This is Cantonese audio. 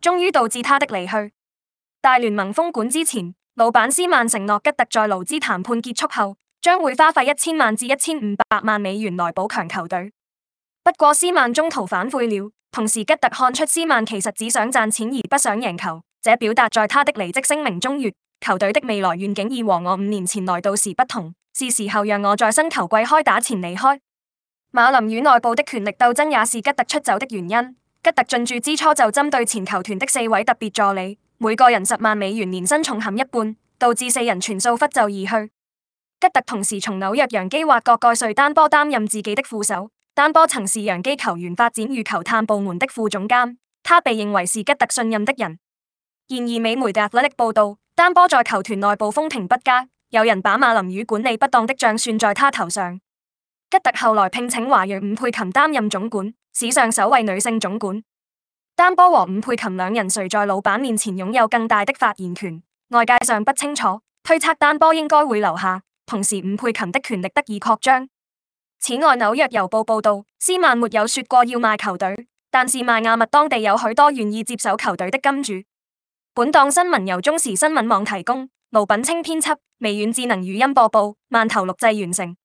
終於導致他的離去。大聯盟封館之前，老闆施曼承諾吉特在勞資談判結束後，將會花費一千萬至一千五百萬美元來補強球隊。不過施曼中途反悔了，同時吉特看出施曼其實只想賺錢而不想贏球。這表達在他的離職聲明中說：球隊的未來願景已和我五年前來到時不同，是時候讓我在新球季開打前離開。馬林魚內部的權力鬥爭也是吉特出走的原因。吉特進駐之初就針對前球團的四位特別助理，每個人十萬美元年薪重砍一半，導致四人全數拂袖而去。吉特同時從紐約洋基挖角蓋瑞丹波擔任自己的副手，丹波曾是洋基球員發展與球探部門的副總監，他被認為是吉特信任的人。然而美媒 The Athletic 報道，丹波在球團內部風評不佳，有人把馬林魚管理不當的賬算在他頭上。吉特後來聘請華裔伍佩琴擔任總管。史上首位女性總管丹波和吳佩琴兩人誰在老闆面前擁有更大的發言權？外界尚不清楚，推測丹波應該會留下，同時吳佩琴的權力得以擴張。此外，紐約郵報報道，斯曼沒有說過要賣球隊，但是邁阿密當地有許多願意接手球隊的金主。本檔新聞由中時新聞網提供，盧品清編輯，微軟智能語音播報，慢頭錄製完成。